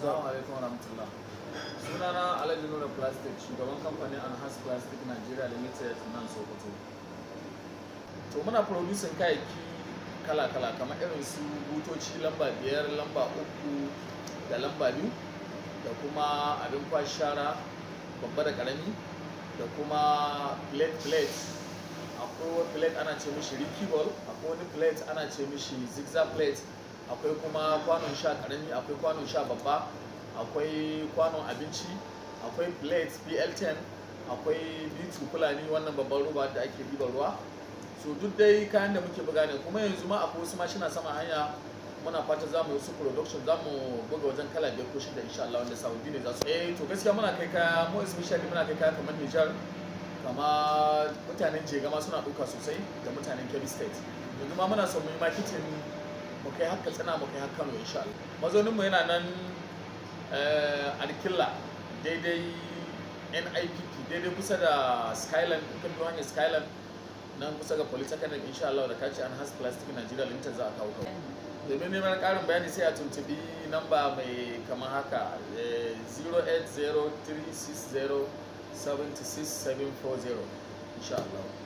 Assalamu alaikum Sunana Alhaji Nura Plastic, shugaban kamfanin Anhas Plastic Nigeria Limited nan Sokoto. To muna producing kayayyaki kala-kala kamar irin su butoci lamba biyar, lamba uku da lamba biyu da kuma abin kwashara babba da karami da kuma plate plate akwai wani plate ana ce mishi ricky ball akwai wani plate ana ce mishi zigzag plate akwai kuma kwanon sha karami akwai kwanon sha babba akwai kwanon abinci akwai plates pl10 akwai bitu fulani wannan babban roba da ake riba ruwa so duk dai kayan da muke buga ne kuma yanzu ma akwai wasu mashina sama hanya muna fata za mu su production za mu buga wajen kala biyar ko shida insha Allah wanda saudi ne za su eh to gaskiya muna kai kaya mu especially muna kai kaya kamar Niger kama mutanen jegama suna duka sosai da mutanen Kebbi State yanzu ma muna son mu yi marketing mu kai haka tsina mu kai haka in sha Allah mazaunin mu yana nan eh, alkilla daidai NIPP daidai kusa da Skyland kan bi Skyland nan kusa ga Police Academy insha Allah da kace an has plastic Nigeria Limited za a kawo kawo domin neman karin bayani sai a tuntubi namba mai kamar haka 08036076740 eh, insha Allah